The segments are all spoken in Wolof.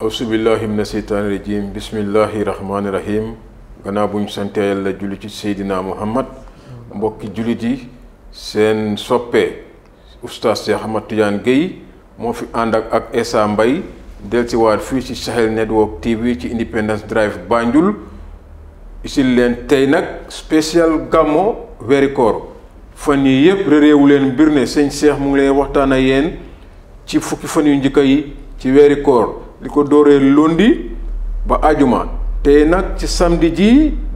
ausubillahi min aseytaani rajim bismillahi rahmaani rahim gannaaw bu ñu sante yàlla julli ci seydina muhammad mbokki jullit yi seen soppee oustaz Cheikh Ahmad Tidiane Gueye moo fi ànd ak ak Essa Mbaye delsiwaat fii Sahel Network TV ci Independence Drive Banjul isil leen tey gamo spécial Faniye weeri koor fan yi yépp watanayen, leen mbir ne sëñ Cheikh mu li ko dooree lundi ba ajuma te nag ci samedi ji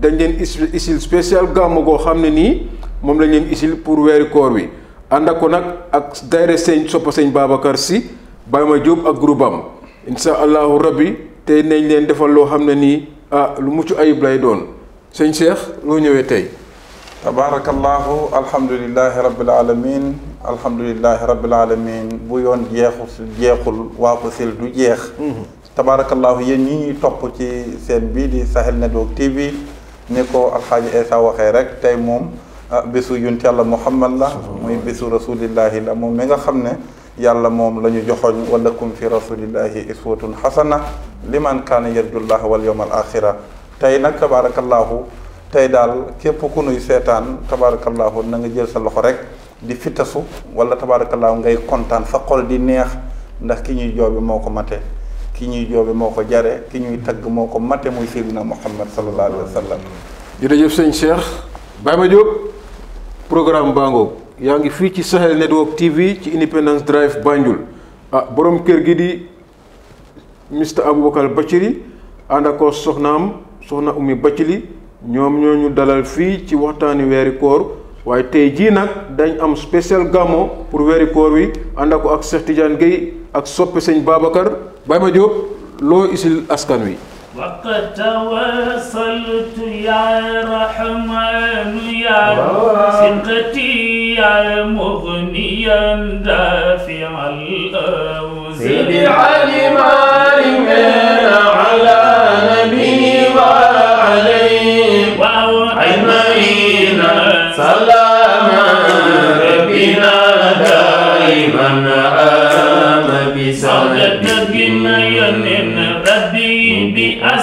dañ leen isil spécial gàmm goo xam ne nii moom lañ leen isil pour weeri koor wi ànd ak ko nag ak daayira sëñ soppa sëñ Babacar Si Baye Ma Diop ak groupe am insha allahu rabbi te nañ leen defal loo xam ne nii ah lu mucc ayib lay doon sëñ Cheikh loo ñëwee tey تبارك الله الحمد لله رب العالمين الحمد لله رب العالمين بيون جيخو جيخو واكو سيل دو جيخ تبارك الله يني ني توپ تي سين بي دي ساحل ندوك تي في نيكو الحاج ايسا واخي رك تاي موم بيسو يونت الله محمد لا موي بيسو رسول الله لا موم ميغا خامن يالا موم لا نيو جوخوج ولكم في رسول الله اسوه حسنه لمن كان يرجو الله واليوم الاخره تاي نك تبارك الله tey daal képp ku nuy seetaan tabaarakallaahu na nga jël sa loxo rek di fittasu wala tabaarakallaahu ngay kontaan sa xol di neex ndax ki ñuy joobe moo ko mate ki ñuy joobe moo ko jare ki ñuy tagg moo ko mate muy Seydina Muhammad sallallahu alayhi wa sallam jërëjëf sëñ Cheikh Baye Madiop programme bango yaa ngi fii ci Sahel Network TV ci Independence Drive Banjul ah boroom kër gi di Mr Aboubacar Bathily ànd ak soxnaam soxna Oumy li ñoom ñoo ñu dalal fii ci waxtaani weeri koor waaye tey jii nag dañ am spécial gàmmo pour weeri koor wi ànd ko ak Cheikh Tidiane Gueye ak soppi sëñ Babacar Baye Ma Diop loo isil askan wi وقد تواصلت يا رحمن يا ثقتي يا مغنيا دافع الأوزان سيدي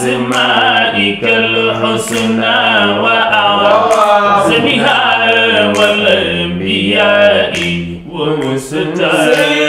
أسمائك الحسنى وأعظم بها والأنبياء ومستعين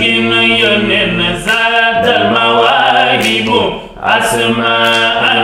سكين ينن زاد المواهب أسماء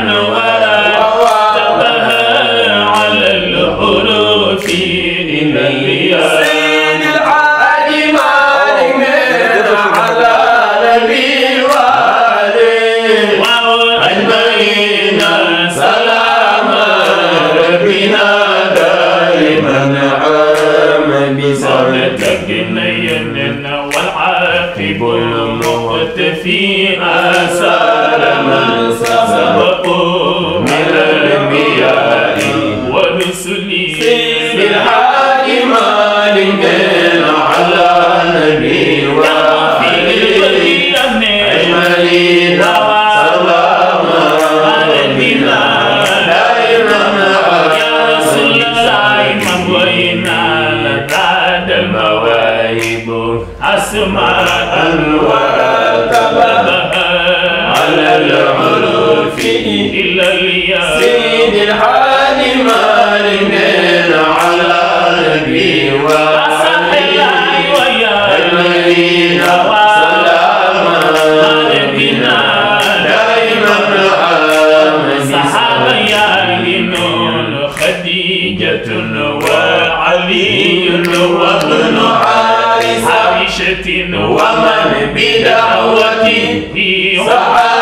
الهادي ما لنقل على النبي وعلي أجمعين سلام ربنا دائما يا رسول الله المواهب أسماء الورى تبقى على العلوم فيه إلا الياء سيد الحال ما على نبي وصحب الله ويا المدينة سلام نبينا دائما الآن صحابة يا النون خديجة وعلي وابن عائشة ومن بدعوتي صحابة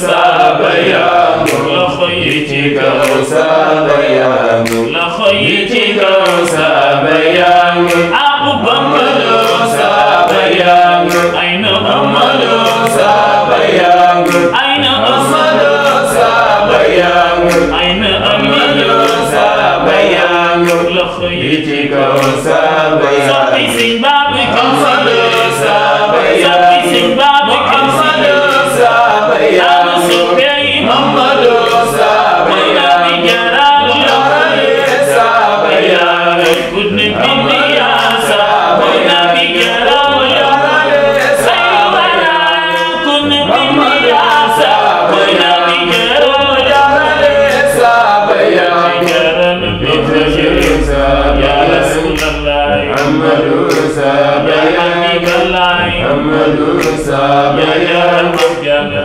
Sabaya, la khoyiti ka sabaya. Iti ko sabay. So,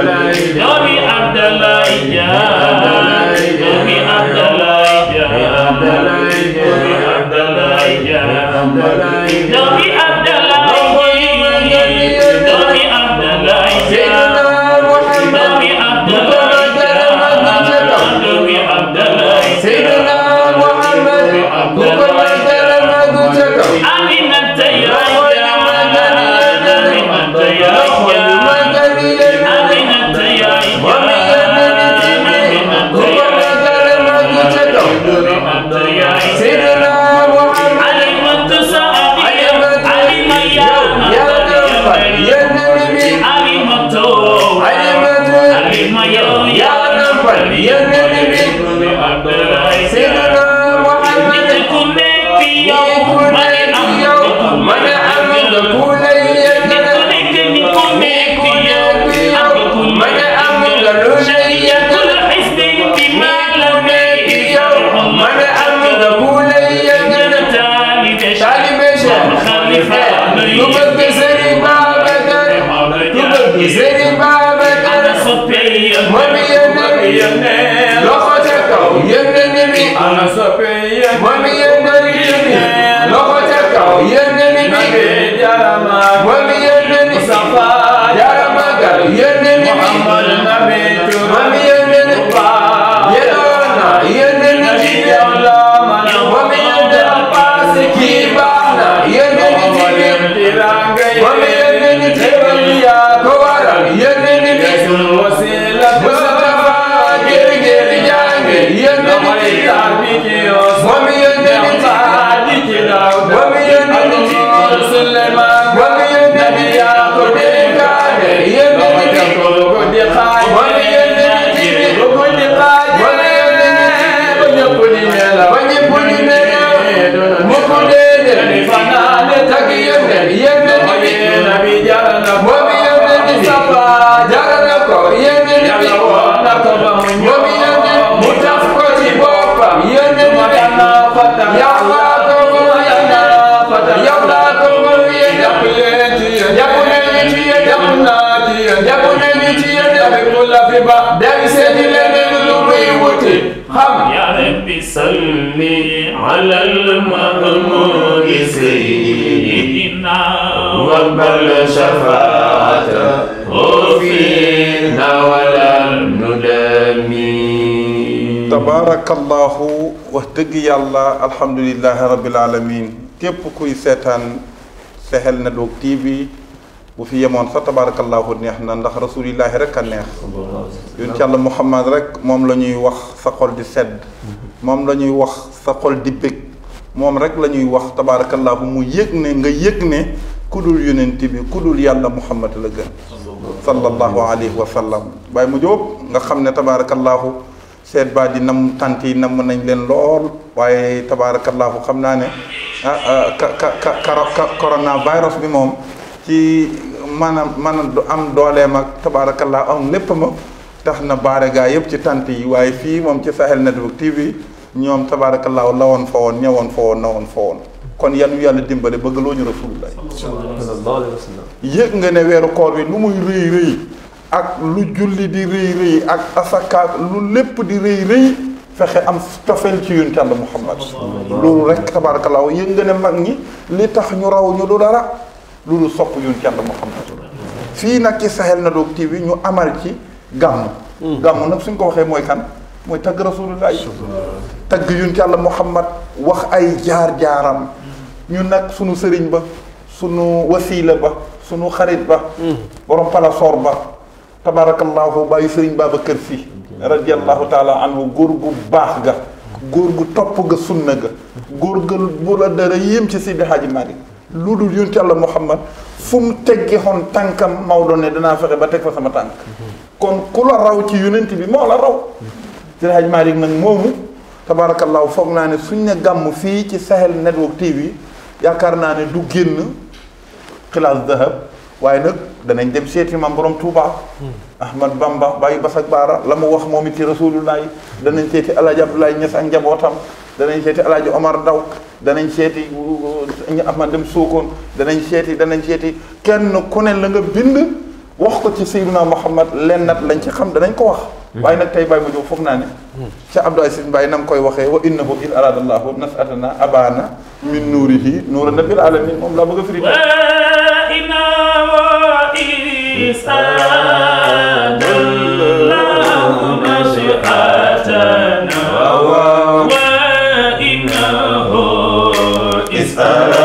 Nabi Abdullah ya Nabi Abdullah ya Nabi Abdullah ya Nabi Abdullah Viernes yéene loxo ca kaw yéene ni mi ana soppe yéene moom yéene ni mi loxo ca kaw yéene ni mi moom yéene صل على المغمور سيدنا واقبل شفاعته فينا ولا ندمي تبارك الله واهتقي الله الحمد لله رب العالمين كيف كوي سيتان سهل ندوك تي bu fi yemoon sax tabaarakallaahu neex na ndax rasulillahi rek a neex yonent yàlla muhammad rek moom la ñuy wax sa xol di sedd moom la ñuy wax sa xol di bëgg moom rek la ñuy wax tabaarakallaahu mu yëg ne nga yëg ne ku dul yonent bi ku dul yàlla muhammad la gën sallallahu alayhi wa sallam waaye mu jóo nga xam ne tabaarakallaahu seet baa di nam tant yi nam nañ leen lool waaye tabaarakallaahu xam naa ne ah, ah ka ka ka coronavirus bi moom ci maanaam maanaam du am dooleem ak tabaarakallaa am lépp ma tax na baare gaa yëpp ci tant yi waaye fii moom ci Sahel Network TV ñoom tabaarakallaa la woon fa woon ñëwoon fa woon na woon fa woon kon yan yàlla dimbale bëgg loo ñu rasulullah yëg nga ne weeru koor wi lu muy rëy rëy ak lu julli di rëy rëy ak asakaak lu lépp di rëy rëy fexe am tofeel ci yonent Yàlla Muhammad loolu rek tabaarakallaa yëg nga ne mag ñi li tax ñu raw ñu du dara lu dul sopp yun ci Muhammad fii nag ci na Ndogo TV ñu amal ci gàmm hmm. nag suñ ko waxee mooy kan mooy tagg rasulullah tagg yun ci yàlla Muhammad wax ay jaar-jaaram ñu nag suñu sëriñ ba sunu wasiila ba sunu xarit ba hmm. borom palasoor ba tabarakallahu bàyyi sëriñ Babacar Si radiallahu taala anhu góor gu baax ga góor gu topp ga sunna ga góor ga bu la dara yéem ci Seydi Hadji Malick lu dul yonent Yàlla Muhammad fu mu teggi xoon tànkam Maodo ne danaa fexe ba teg fa sama tànk kon ku la raw ci yonent bi moo la raw Seydi Hajji Maalik nag moomu tabaarakallaahu foog naa ne suñ ne gàmm fii ci Sahel Network TV yaakaar naa ne du génn xilaas dahab waaye nag danañ dem seeti maam borom Touba. Ahmad Bamba bàyyi Basak Baara la mu wax moom it ci rasulullah yi danañ seeti El Hadj Abdoulaye ak njabootam danañ seeti El Omar Daw danañ seeti ñu ama dem Sokone danañ seeti danañ seeti kenn ku ne la nga bind wax ko ci Seydina Muhammad len nat lañ ci xam danañ ko wax hmm. waaye nag tey bàyyi ma jox foog naa ne hmm. ca Abdou Aziz Mbaye na koy waxee wa innahu in arada allahu abana min nuurihi nuura nabil alamin moom laa a firi Israel.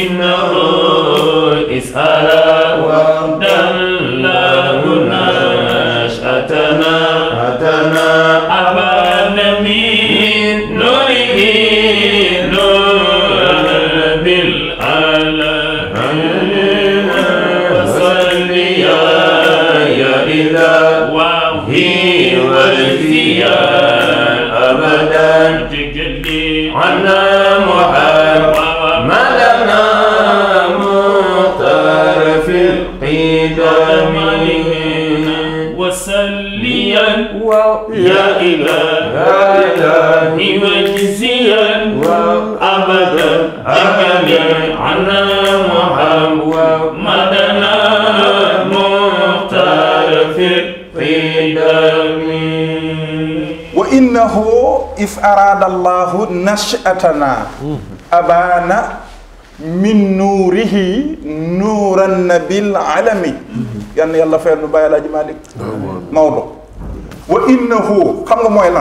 إنه إسحاق ودلاه نشأتنا أتنا أبانا من نوره نورا بالعالمين وصل يا إله وهي والثياب أبدا إله إلا الله أبدا أكدا عنا محمد مختار في الدم وإنه إف أراد الله نشأتنا أبانا من نوره نور النبي العالمي يعني يلا فعلوا بايا لاجي مالك نعم. موضوع وإنه خم موي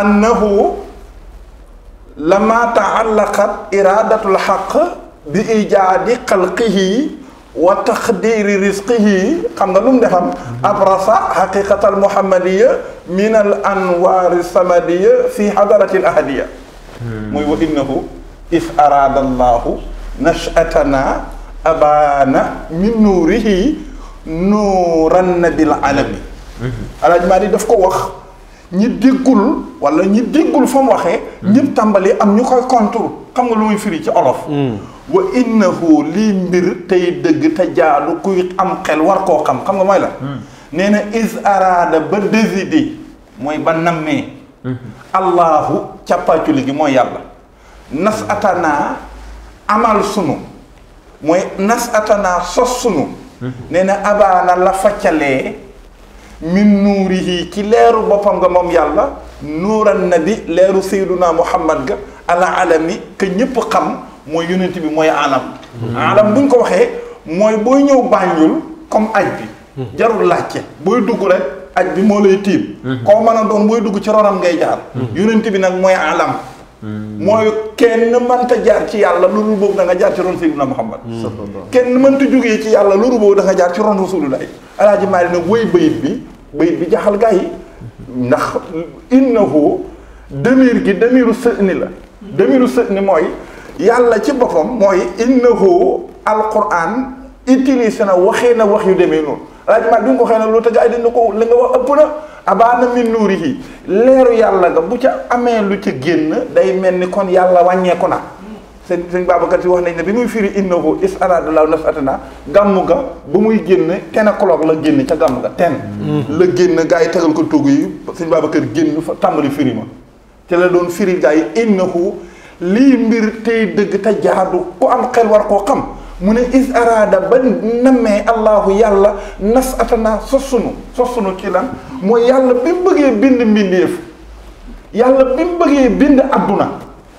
أنه لما تعلقت إرادة الحق بإيجاد خلقه وتخدير رزقه خم نلوم دهم أبرز حقيقة المحمدية من الأنوار السمدية في حضرة الأهدية موي وإنه إذ أراد الله نشأتنا أبانا من نوره نورا بالعالمين Mhm. Alaaji Maalik daf ko wax ñi déggul wala ñi déggul fa mu waxee mhm. ñëpp tàmbali am ñu koy contour xam nga lu muy firi ci olof mm. wa innahu lii mbir tey dëgg te jaalu kuy am xel war koo xam xam nga mooy la mm. nee na is araada ba décidé mooy ba nammee mm-hmm. allahu càppaaculi gi mooy yàlla nas atanaa amal sunu mooy nas sos sunu mm-hmm. nee na abaana la faccalee min nuurihi ci leeru boppam nga moom yàlla na nabi leeru sayduna muhammad ga ala alami que ñëpp xam mooy yonent bi mooy alam hmm. alam buñ ko waxee mooy booy ñëw bànjul comme aj bi hmm. jarul laajte booy dugg rek aj bi moo lay tiim hmm. koo mën a doon booy dugg ci ronam ngay jaar yonent bi nag mooy alam Mm. mooy kenn mënta jaar ci yàlla loolu boobu da jaar ci ron Seydina Muhammad mm. kenn mënta jóge ci yàlla loolu boobu da jaar ci ron Rasulullahi alaaji maa ne woy bayit bi bayit bi jaxal gaa yi ndax innahu demir gi demiru sëni la demiru sëni mooy yàlla ci boppam mooy innahu alquran utilisé na waxee na wax yu demee noonu alaaji maa bi waxee na loolu te gaa yi dañ ne ko li nga wax ëpp na abaana min nuurihi leeru yàlla nga bu ca amee lu ca génn day mel ni kon yàlla wàññeeku na seen sëñ Babacar si wax nañ ne bi muy firi innahu is araada law nas atana gàmm ga ba muy génn ten o'clock la génn ca gàmm ga ten mm-hmm. la génn gaa yi tegal ko tugg yi sëñ Babacar génn fa tàmbali firi ma te la doon firi gaa yi innahu lii mbir tey dëgg te jaadu ku am xel war koo xam mu ne is araada ba namee allahu yàlla nas atana sosunu sosunu ci lan mooy yàlla bi mu bëggee bind mbindeef yàlla bi mu bëggee bind adduna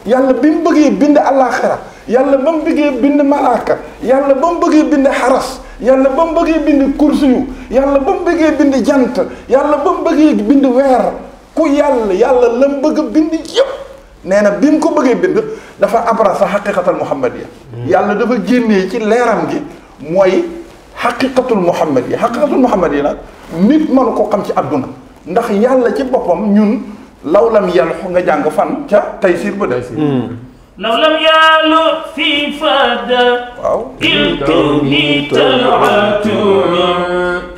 yàlla bi mu bëggee bind alaxira yàlla ba mu bëggee bind malaaka yàlla ba mu bëggee bind xaras yàlla ba mu bëggee bind kursiyu yàlla ba mu bëggee bind jant yàlla ba mu bëggee bind weer ku yàlla yàlla la mu bëgg bind yëpp nee na bi mu ko bëggee bind dafa abrasa xaqiqatal muhammadiya hmm. yàlla dafa génnee ci leeram gi mooy xaqiqatul muhammad yi xaqiqatul muhammad yi nag nit mënu ko xam ci àdduna ndax yàlla ci boppam ñun lawlam yàllu nga jàng fan ca taysiir ba de hmm. lawlam yàllu fi fada waaw il kawni talaatun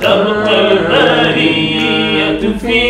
tabqa albariyatu fi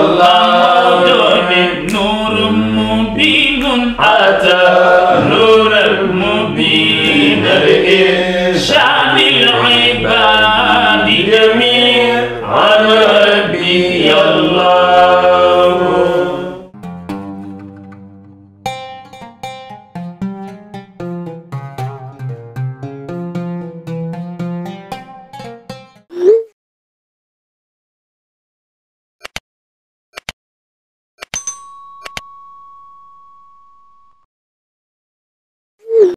Allah